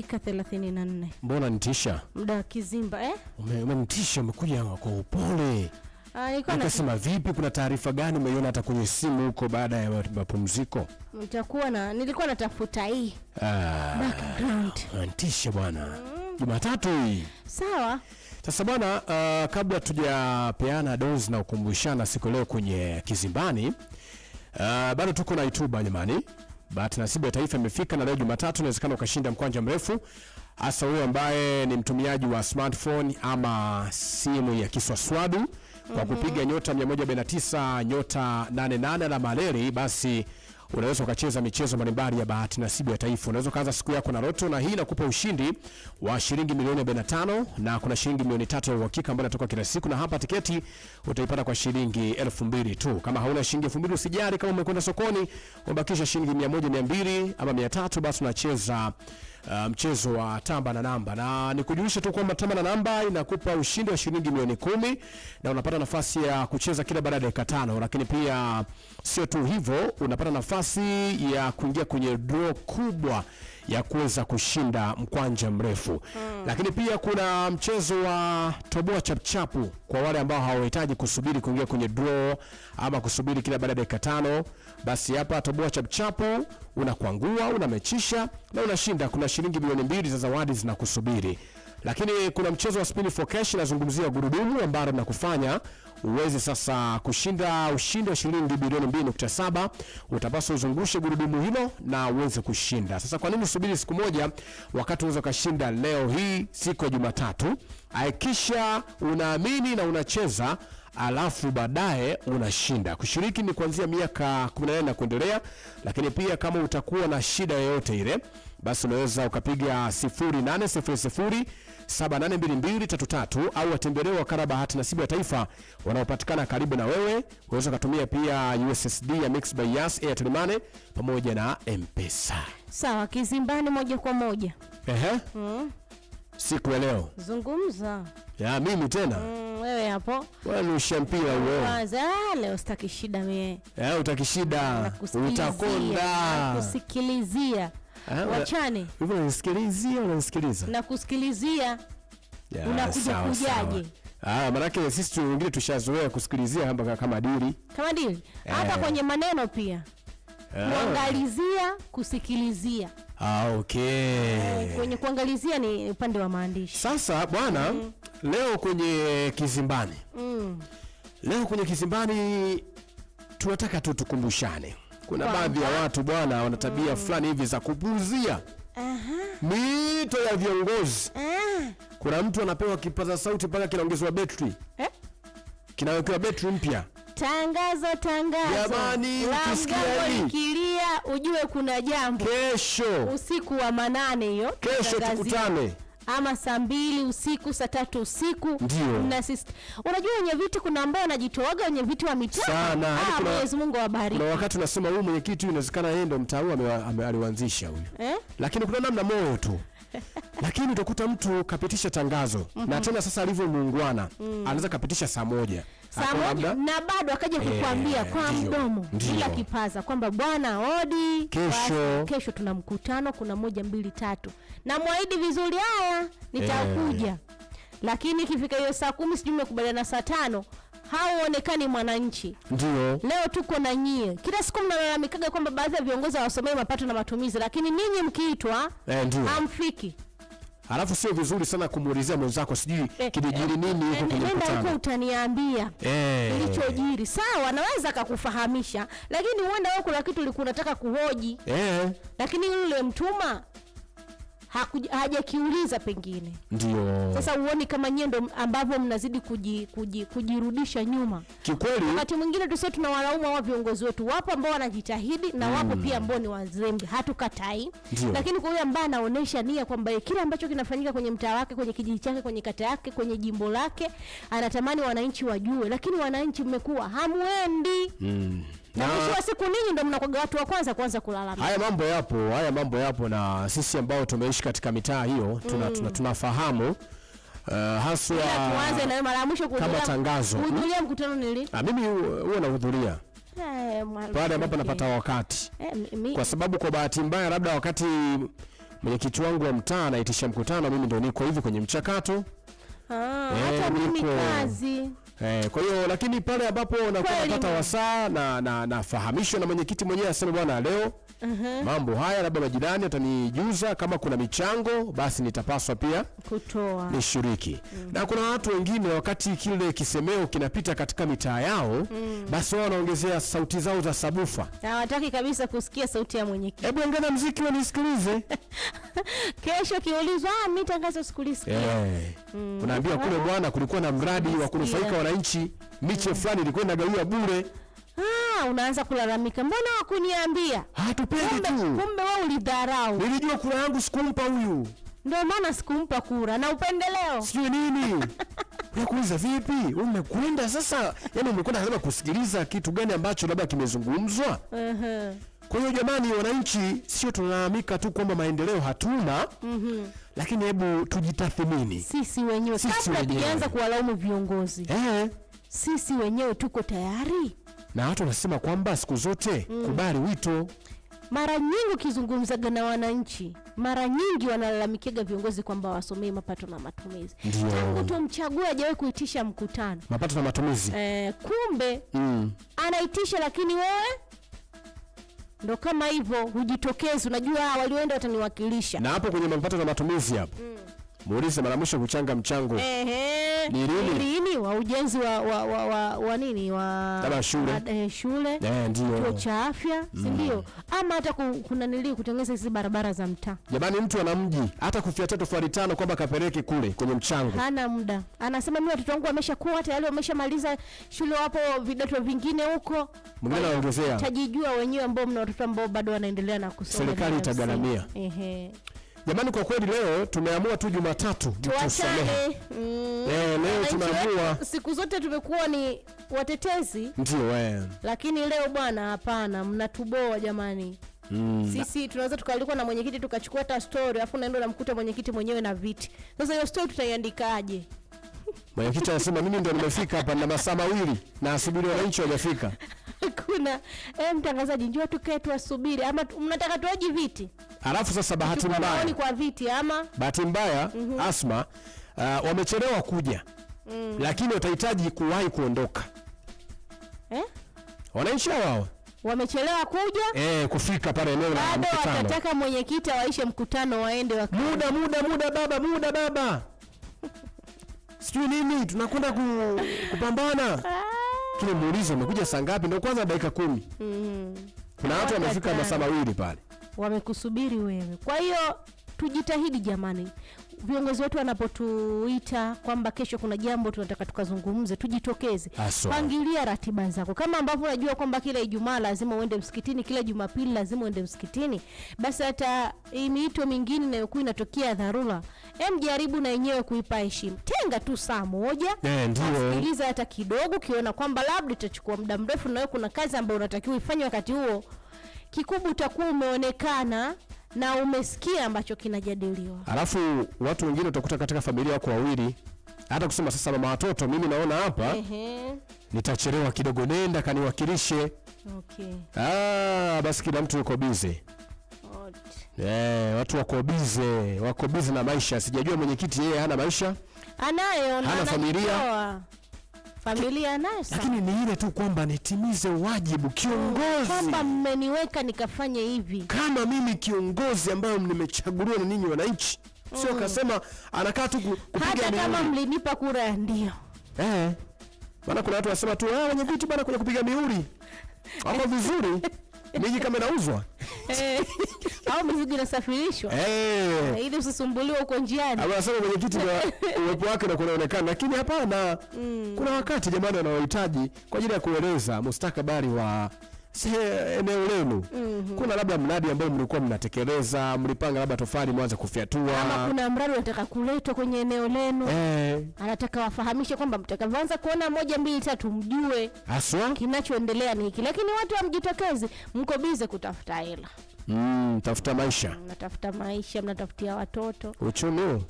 dakika 34. Mbona nitisha? Muda kizimba eh? Ume, ume nitisha umekuja kwa upole. Ah, Nikasema vipi, kuna taarifa gani umeiona hata kwenye simu huko baada ya mapumziko? Nitakuwa na nilikuwa natafuta hii. Ah. Background. Nitisha bwana. Mm. Jumatatu hii. Sawa. Sasa bwana, uh, kabla tujapeana dozi na kukumbushana siku leo kwenye kizimbani, uh, bado tuko na ituba jamani. Bahati nasibu ya taifa imefika na leo Jumatatu inawezekana ukashinda mkwanja mrefu, hasa huyo ambaye ni mtumiaji wa smartphone ama simu ya kiswaswadu kwa mhm. kupiga nyota 149 nyota 88 na maleri basi unaweza ukacheza michezo mbalimbali ya bahati nasibu ya taifa. Unaweza ukaanza siku yako na loto, na hii inakupa ushindi wa shilingi milioni 45 na kuna shilingi milioni tatu ya uhakika ambayo inatoka kila siku, na hapa tiketi utaipata kwa shilingi 2000 tu. Kama hauna shilingi 2000 usijali, kama umekwenda sokoni umebakisha shilingi 100, 200 ama 300, basi unacheza Uh, mchezo wa tamba na namba, na nikujulishe tu kwamba tamba na namba inakupa ushindi wa shilingi milioni kumi na unapata nafasi ya kucheza kila baada ya dakika tano, lakini pia sio tu hivyo, unapata nafasi ya kuingia kwenye draw kubwa ya kuweza kushinda mkwanja mrefu mm. Lakini pia kuna mchezo wa toboa chapchapu kwa wale ambao hawahitaji kusubiri kuingia kwenye draw ama kusubiri kila baada ya dakika tano, basi hapa toboa chapchapu unakwangua, unamechisha na unashinda. Kuna shilingi milioni mbili za zawadi zinakusubiri. Lakini kuna mchezo wa spin for cash, nazungumzia gurudumu ambalo nakufanya uweze sasa kushinda ushindi wa shilingi bilioni 2.7, utapaswa uzungushe gurudumu hilo na uweze kushinda. Sasa kwa nini usubiri siku moja wakati unaweza ukashinda leo hii siku ya Jumatatu? Hakikisha unaamini na unacheza alafu baadaye unashinda. Kushiriki ni kuanzia miaka 18 na kuendelea, lakini pia kama utakuwa na shida yoyote ile, basi unaweza ukapiga 0800 782233 au watembelee wakala bahati nasibu ya taifa wanaopatikana karibu na wewe. Unaweza kutumia pia USSD ya Mix by Yas, Airtel Money pamoja na Mpesa. Sawa, kizimbani moja kwa moja. Ehe. Mm. Siku ya leo. Zungumza. Ya mimi tena. Mm, wewe hapo. Wewe ni shampia wewe. Kwanza leo sitaki shida mimi. Eh, utaki shida. Utakonda. Nakusikilizia. Ah, wachane. Hivyo unanisikilizia, unanisikiliza. Nakusikilizia. Unakuja kujaje? Ah, maanake sisi wengine tushazoea kusikilizia hamba kama dili. Kama dili. Hata eh. kwenye maneno pia. Ah. Kuangalizia, kusikilizia. Ah, okay. Eh, kwenye kuangalizia ni upande wa maandishi. Sasa bwana, mm. Leo kwenye Kizimbani. Mm. Leo kwenye Kizimbani tunataka tu tukumbushane kuna baadhi ya watu bwana, wana tabia mm. fulani hivi za kupuzia miito ya viongozi. Ah. Kuna mtu anapewa kipaza sauti mpaka kinaongezwa betri, eh? kinawekewa betri mpya. Tangazo, tangazo. Jamani, ukilia ujue kuna jambo. Kesho usiku wa manane hiyo, kesho tukutane ama saa mbili usiku saa tatu usiku ndio. Unajua wenye viti kuna ambao wanajitoaga wenye viti wa mitaa. Yaani ah, Mwenyezi Mungu awabariki. Na wakati unasema huyu mwenyekiti inawezekana yeye ndo mtaa aliuanzisha huyu eh? Lakini kuna namna moyo tu lakini utakuta mtu kapitisha tangazo mm -hmm. Na mhm. tena sasa alivyo muungwana mm. Anaweza kapitisha saa moja saa moja na bado akaja kukuambia eh, kwa mdomo bila kipaza kwamba bwana hodi, kesho kesho tuna mkutano, kuna moja mbili tatu, na mwahidi vizuri, haya nitakuja. Eh. Lakini ikifika hiyo saa kumi sijui mmekubaliana saa tano hauonekani mwananchi. Ndio leo tuko na nyie, kila siku mnalalamikaga kwamba baadhi ya viongozi hawasomei mapato na matumizi, lakini ninyi mkiitwa eh, hamfiki. Alafu sio vizuri sana kumuulizia mwenzako sijui eh, eh, kilijiri nini huko eh, kwenye mkutano. Nenda huko utaniambia. Eh. Kilichojiri. Sawa, anaweza akakufahamisha, lakini uenda wewe kuna kitu ulikuwa unataka kuhoji. Eh. Lakini yule mtuma hajakiuliza pengine. Ndio sasa uone kama nyendo ambavyo mnazidi kuji, kuji, kujirudisha nyuma kikweli Wakati mwingine tusio tunawalaumu hawa viongozi wetu, wapo ambao wanajitahidi na wapo mm. pia ambao ni wazembe, hatukatai, lakini kwa yule ambaye anaonesha nia kwamba kile ambacho kinafanyika kwenye mtaa wake, kwenye kijiji chake, kwenye kata yake, kwenye jimbo lake, anatamani wananchi wajue, lakini wananchi mmekuwa hamwendi mm na mwisho wa siku ninyi ndio mnakuwa watu wa kwanza kuanza kulalamika. Haya mambo yapo, haya mambo yapo, na sisi ambao tumeishi katika mitaa hiyo tuna, mm. tuna, tunafahamu Uh, haswa kama tangazo ah, mimi huwa nahudhuria eh, pale ambapo napata wakati e, kwa sababu kwa bahati mbaya labda wakati mwenyekiti wangu wa mtaa anaitisha mkutano, mimi ndo niko hivi kwenye mchakato ah, e, hata mimi kazi Eh, kwa hiyo lakini pale ambapo unakuwa unapata wasaa na na nafahamishwa na mwenyekiti mwenyewe aseme bwana leo uh mhm. -huh. Mambo haya labda majirani atanijuza kama kuna michango basi nitapaswa pia kutoa nishiriki. Mm. Na kuna watu wengine wakati kile kisemeo kinapita katika mitaa yao mm. Basi wao wanaongezea sauti zao za sabufa. Hawataki kabisa kusikia sauti ya mwenyekiti. Hebu ongeza muziki wewe nisikilize. Kesho kiulizwa mimi ah, tangazo sikulisikia. Yeah. Mm. Unaambia kule bwana kulikuwa na mradi wa kunufaika wananchi, miche mm. fulani ilikuwa inagawiwa bure. Ah, unaanza kulalamika, mbona hakuniambia? Hatupendi tu. Kumbe wewe ulidharau. Nilijua kura yangu sikumpa huyu, ndio maana sikumpa kura na upendeleo sijui nini Nakuuliza vipi? Umekwenda sasa, yaani umekwenda kusikiliza kitu gani ambacho labda kimezungumzwa? uh -huh. Kwa hiyo jamani, wananchi, sio tunalalamika tu kwamba maendeleo hatuna mm -hmm. Lakini hebu tujitathmini sisi wenyewe kabla tujaanza kuwalaumu viongozi eh. Sisi wenyewe tuko tayari, na watu wanasema kwamba siku zote mm. kubali wito. Mara nyingi ukizungumzaga na wananchi, mara nyingi wanalalamikiaga viongozi kwamba wasomee mapato na matumizi. Tangu tumchagua hajawahi kuitisha mkutano mapato na matumizi eh, kumbe mm. anaitisha, lakini wewe ndo kama hivyo, hujitokezi. Unajua walioenda wataniwakilisha. Na hapo kwenye mapato na matumizi hapo, mm. muulize mara mwisho kuchanga mchango. Ehe lini wa ujenzi wa, wa, wa, wa, wa nini wa shule, eh, shule eh, kituo cha afya si mm. ndio? Ama hata kuna nili kutengeneza hizi barabara za mtaa. Jamani, mtu ana mji hata kufyatia tofali tano kwamba kapeleke kule kwenye mchango, hana muda. Anasema mimi watoto wangu wameshakuwa tayari, wameshamaliza shule, wapo vidato vingine huko. Mwingine anaongezea tajijua wenyewe, ambao mna watoto ambao bado wanaendelea na kusoma, serikali itagharamia. Ehe. Jamani, kwa kweli leo tumeamua tu Jumatatu tusamehe. Mm. Eh, leo tunaamua. Siku zote tumekuwa ni watetezi ndio, eh, lakini leo bwana, hapana, mnatuboa jamani. Mm. Sisi tunaweza tukalikuwa na mwenyekiti tukachukua hata story afu naenda namkuta mwenyekiti mwenyewe na viti. Sasa hiyo story tutaiandikaje? Mwenyekiti anasema mimi ndio nimefika hapa na masaa mawili na asubiri wananchi hawajafika. Hakuna. Eh, mtangazaji njoo tukae tuasubiri ama mnataka tuaje viti? Alafu sasa bahati mbaya kwa viti ama bahati mbaya mm -hmm. Asma uh, wamechelewa kuja mm. Lakini watahitaji kuwahi kuondoka eh? Wananchi wao wamechelewa kuja eh, kufika pale eneo la mkutano. Bado watataka mwenyekiti awaishe mkutano waende wakati. Muda muda muda baba muda baba sijui nini tunakwenda ku, kupambana kile ah. muulizo umekuja saa ngapi? Ndio kwanza dakika kumi. mm Kuna watu wamefika masaa mawili pale wamekusubiri wewe. Kwa hiyo tujitahidi jamani, viongozi wetu wanapotuita kwamba kesho kuna jambo tunataka tukazungumze, tujitokeze. Pangilia ratiba zako, kama ambavyo unajua kwamba kila Ijumaa lazima uende msikitini, kila Jumapili lazima uende msikitini, basi hata miito mingine inayokuwa inatokea dharura, em, jaribu na yenyewe kuipa heshima. Tenga tu saa moja, eh, sikiliza hata kidogo, ukiona kwamba labda itachukua muda mrefu, nawe kuna kazi ambayo unatakiwa ifanye wakati huo kikubwa utakuwa umeonekana na umesikia ambacho kinajadiliwa. Alafu watu wengine utakuta katika familia wako wawili, hata kusema sasa, mama watoto, mimi naona hapa nitachelewa kidogo, nenda kaniwakilishe. Okay. Ah, basi kila mtu yuko bize. Yeah, watu wako bize, wako bize na maisha. Sijajua mwenyekiti yeye hana maisha, anayo, hana familia familia nayo, lakini ni ile tu kwamba nitimize wajibu kiongozi, kwamba mmeniweka nikafanye hivi kama mimi kiongozi ambayo nimechaguliwa na ninyi wananchi, mm. sio Kasema anakaa tu kupiga, hata kama mlinipa kura ya ndio eh. Maana kuna watu wasema tu ah, viti bana kuna kupiga mihuri wako vizuri miji kama inauzwa Eh, au mizigo inasafirishwa eh. ili usisumbuliwe huko njiani. Anasema mwenyekiti na uwepo wake na kunaonekana, lakini hapana, mm. kuna wakati jamani wanawahitaji kwa ajili ya kueleza mustakabali wa eneo lenu mm -hmm. Kuna labda mradi ambao mlikuwa mnatekeleza, mlipanga labda tofali mwanza kufyatua, ama ah, kuna mradi unataka kuletwa kwenye eneo lenu eh. Anataka wafahamishe kwamba mtakavyoanza kuona moja mbili tatu, mjue haswa kinachoendelea ni hiki, lakini watu hamjitokezi, mko bize kutafuta hela Mm, tafuta maisha, mnatafuta maisha, mnatafutia watoto uchumi,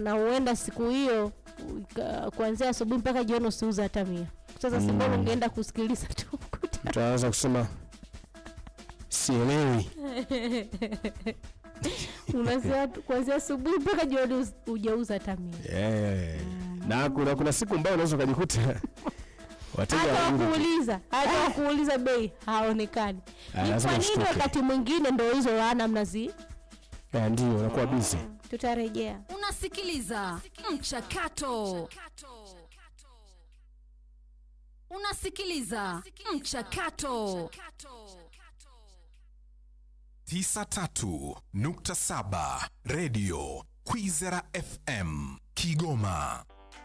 na huenda siku hiyo uh, kuanzia asubuhi mpaka jioni usiuza hata mia. Sasa mm. Simbona ungeenda kusikiliza tu utaanza kusema sielewi. Kuanzia asubuhi mpaka jioni hujauza hata Yeah. Mm. Na kuna, kuna siku ambayo unaweza ukajikuta kuuliza hata eh. wakuuliza bei haonekani. Ah, Ni kwa nini? Wakati mwingine ndio hizo laana mnazi, eh, ndio unakuwa mm. busy. Tutarejea. Unasikiliza Mchakato. Unasikiliza Mchakato 93.7 Radio Kwizera FM Kigoma.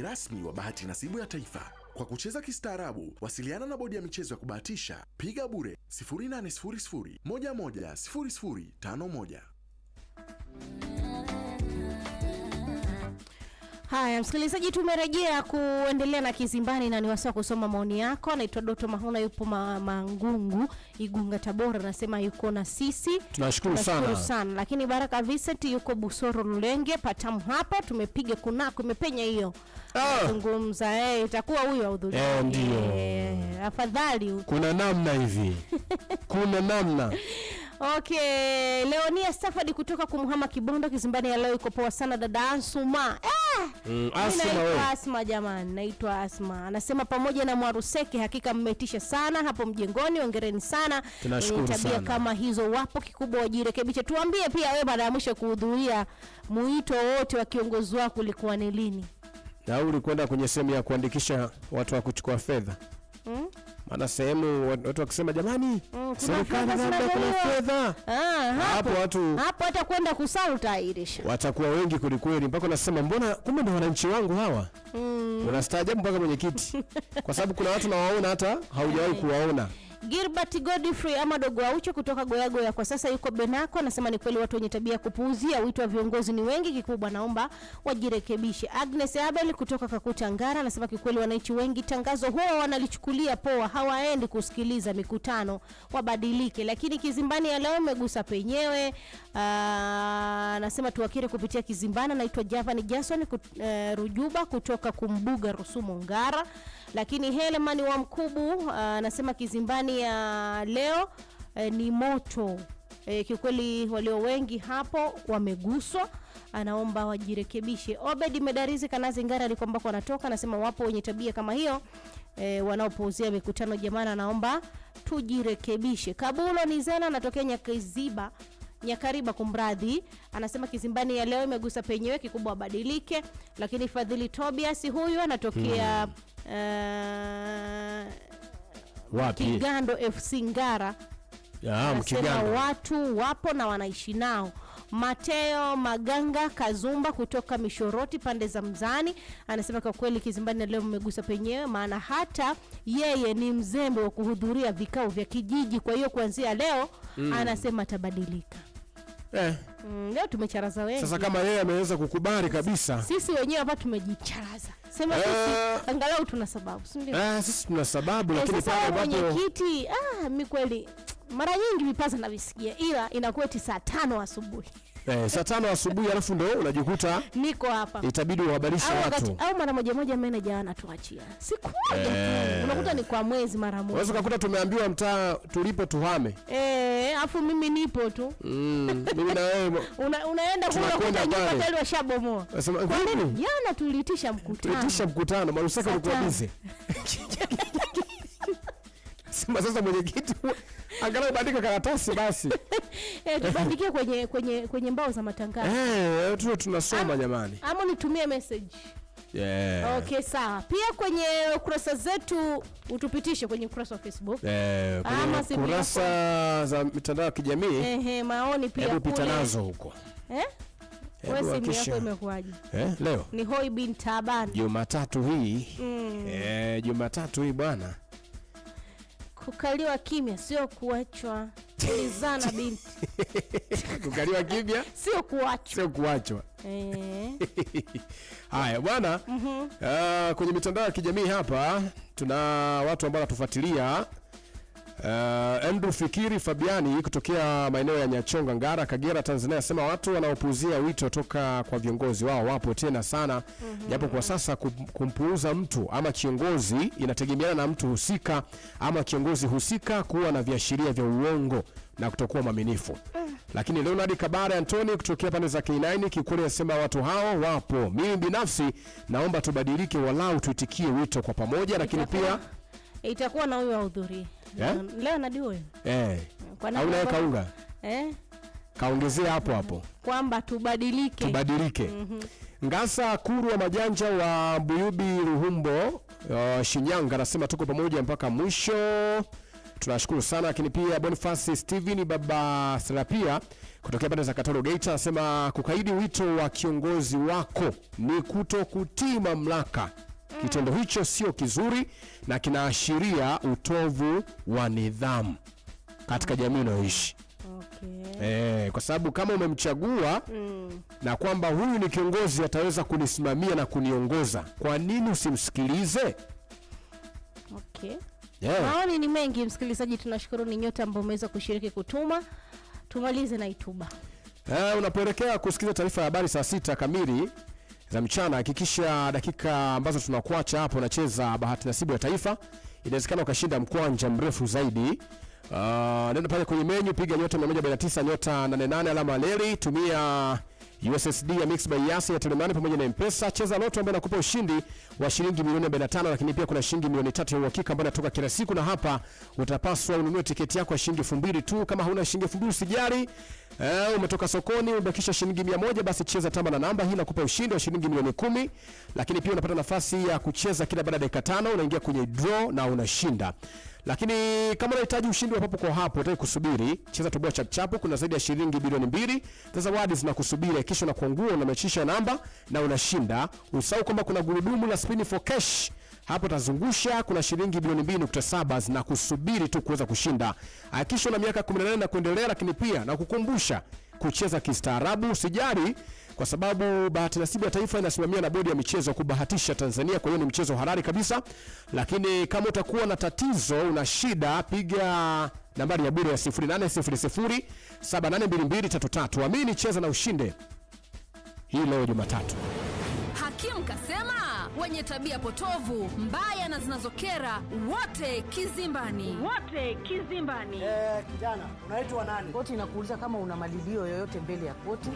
mchezaji rasmi wa bahati nasibu ya taifa. Kwa kucheza kistaarabu, wasiliana na bodi ya michezo ya kubahatisha, piga bure 0800 11 51. Haya, msikilizaji, tumerejea kuendelea na Kizimbani na ni kusoma maoni yako. Anaitwa Doto Mahona, yupo ma, Mangungu Igunga, Tabora, anasema yuko na sisi, tunashukuru sana. sana lakini Baraka Vincent yuko Busoro Lulenge Patamu, hapa tumepiga kuna kumepenya hiyo zungumza ah. Eh, itakuwa huyo ahudhurie eh, ndio eh, afadhali kuna namna hivi kuna namna okay. Leonia Safadi kutoka kumhama Kibondo, Kizimbani ya leo iko poa sana dada Ansuma eh! Mm, Asma, Asma jamani, naitwa Asma. Anasema pamoja na Mwaruseke, hakika mmetisha sana hapo mjengoni, ongereni sana. Tunashukuru mm, sana. tabia kama hizo wapo, kikubwa wajirekebishe. Tuambie pia wewe, mara ya mwisho kuhudhuria mwito wote wa kiongozi wako ulikuwa ni lini, na ulikwenda kwenye sehemu ya kuandikisha watu wa kuchukua fedha mm? ana sehemu watu wakisema jamani, mm, serikali labda kuna fedha ah, hapo, watu hapo hata kwenda kusautairisha watakuwa wengi kwelikweli, mpaka nasema mbona kumbe ndo wananchi wangu hawa. Mm. Unastaajabu mpaka mwenyekiti, kwa sababu kuna watu nawaona hata haujawahi kuwaona Gilbert Godfrey ama dogo Aucho kutoka Goyagoya kwa sasa yuko Benako, anasema ni kweli watu wenye tabia kupuuzia wito wa viongozi ni wengi, kikubwa naomba wajirekebishe. Agnes Abel kutoka Kakuta Ngara anasema kikweli wananchi wengi tangazo huo wanalichukulia poa, hawaendi kusikiliza mikutano, wabadilike. Lakini Kizimbani ya leo imegusa penyewe. Anasema tuwakire kupitia kizimbana. Naitwa Javan Jason kut, uh, Rujuba kutoka Kumbuga Rusumo Ngara. Lakini Heleman wa Mkubu anasema Kizimbani burudani ya leo e, ni moto e, kiukweli walio wengi hapo wameguswa anaomba wajirekebishe. Obed Medarizi Kanazi Ngara alikombako anatoka anasema wapo wenye tabia kama hiyo e, wanaopuuzia mikutano jamana anaomba tujirekebishe. Kabulo Nizena anatokea Nyakiziba Nyakariba, kumradhi, anasema Kizimbani ya leo imegusa penyewe, kikubwa abadilike. Lakini Fadhili Tobias huyu anatokea hmm. uh, wapi? Kigando FC Ngara. Ya, watu wapo na wanaishi nao. Mateo Maganga Kazumba kutoka Mishoroti pande za Mzani anasema kwa kweli Kizimbani leo mmegusa penyewe, maana hata yeye ni mzembe wa kuhudhuria vikao vya kijiji. Kwa hiyo kuanzia leo mm, anasema atabadilika. Eh. Mm, leo tumecharaza Sasa kama yeye ameweza kukubali kabisa. Sisi wenyewe hapa tumejicharaza. Sema eh. Sisi angalau tuna sababu, si ndio? Eh, sisi tuna sababu eh, lakini pale ambapo mwenyekiti, ah, mi kweli mara nyingi vipaza na visikia ila inakuwa eti saa tano asubuhi Eh, saa tano asubuhi alafu ndo unajikuta niko hapa. Itabidi uhabarishe watu. Au mara moja moja meneja anatuachia. Siku moja eh, Unakuta ni kwa mwezi mara moja. Unaweza kukuta tumeambiwa mtaa tulipo tuhame. Eh, afu mimi nipo tu. Mm, mimi na wewe. Unaenda kule kuta nyumba tayari washabomoa. Kwa nini? Jana tuliitisha mkutano. Tuliitisha mkutano, Marusaka ulikuwa busy. Sema sasa mwenyekiti angalau bandika karatasi basi. Eh, tubandikie kwenye kwenye kwenye mbao za matangazo. Eh, eh tu tunasoma jamani. Ama nitumie message. Yeah. Okay, sawa. Pia kwenye kurasa zetu utupitishe kwenye ukurasa wa Facebook. Eh, kwenye kurasa za mitandao ya kijamii. Eh, eh, maoni pia kule. Hebu pita nazo huko. Eh? Wewe simu yako imekuaje? Eh, leo. Ni Hoi bin Taban. Jumatatu hii. Mm. Eh, Jumatatu hii bwana. Kukaliwa kimya sio kuachwa, kizana binti. Kukaliwa kimya sio kuachwa, sio kuachwa. Eh. Haya bwana, mm -hmm. Uh, kwenye mitandao ya kijamii hapa tuna watu ambao wanatufuatilia uh, Andrew Fikiri Fabiani kutokea maeneo ya Nyachonga, Ngara, Kagera, Tanzania anasema watu wanaopuuzia wito toka kwa viongozi wao wapo tena sana mhm. japo, mm -hmm. kwa sasa kumpuuza mtu ama kiongozi inategemeana na mtu husika ama kiongozi husika kuwa na viashiria vya uongo na kutokuwa mwaminifu mm. Lakini Leonard Kabare Antoni kutokea pande za K9 kiukweli anasema watu hao wapo. Mimi binafsi naomba tubadilike, walau tuitikie wito kwa pamoja, lakini pia itakuwa na huyo ahudhurie eh? Leo nadi huyo hey. Eh. Unaweka kaunga eh? Kaongezea hapo hapo kwamba tubadilike, tubadilike. Mm -hmm. Ngasa Kuru wa Majanja wa Buyubi Ruhumbo uh, Shinyanga anasema tuko pamoja mpaka mwisho, tunashukuru sana. Lakini pia Boniface Steven baba Serapia kutokea pande za Katoro Geita anasema kukaidi wito wa kiongozi wako ni kutokutii mamlaka Kitendo hicho sio kizuri na kinaashiria utovu wa nidhamu katika jamii unayoishi. Okay. E, kwa sababu kama umemchagua mm, na kwamba huyu ni kiongozi ataweza kunisimamia na kuniongoza, kwa nini usimsikilize? Okay. Yeah. Maoni ni mengi msikilizaji, tunashukuru ni nyote ambao umeweza kushiriki kutuma. Tumalize na ituba. E, eh, unapoelekea kusikiliza taarifa ya habari saa sita kamili za mchana. Hakikisha dakika ambazo tunakuacha hapo unacheza bahati nasibu ya taifa, inawezekana ukashinda mkwanja mrefu zaidi. Uh, nenda pale kwenye menu piga nyota 149 nyota 88 alama leli, tumia USSD ya Mix by Yasi ya Telemani pamoja na Mpesa. Cheza Loto ambayo inakupa ushindi wa shilingi milioni 45, lakini pia kuna shilingi milioni tatu ya uhakika ambayo inatoka kila siku, na hapa utapaswa ununue tiketi yako ya shilingi mbili tu. Kama hauna shilingi mbili usijali. Uh, umetoka sokoni umebakisha shilingi moja basi cheza tamba na namba hii, inakupa ushindi wa shilingi milioni kumi lakini pia unapata nafasi ya kucheza kila baada ya dakika 5, unaingia kwenye draw na unashinda. Lakini kama unahitaji ushindi wa papo kwa hapo, unataka kusubiri, cheza toboa chap kuna zaidi ya shilingi bilioni mbili za zawadi zinakusubiri, kisha na kuangua na mechisha namba na unashinda. Usahau kwamba kuna gurudumu la spin for cash hapo tazungusha, kuna shilingi bilioni saba zinakusubiri tu kuweza kushinda. Hakikisha una miaka 18 na kuendelea, lakini pia na kukumbusha kucheza kistaarabu. Sijari kwa sababu bahati nasibu ya taifa inasimamia na bodi ya michezo kubahatisha Tanzania, kwa hiyo ni mchezo halali kabisa. Lakini kama utakuwa na tatizo, una shida, piga nambari ya bure ya 0800782233. Amini, cheza na ushinde hii leo Jumatatu. Hakim wenye tabia potovu mbaya na zinazokera wote kizimbani, wote kizimbani. Eh, kijana unaitwa nani? Koti inakuuliza kama una malilio yoyote mbele ya koti.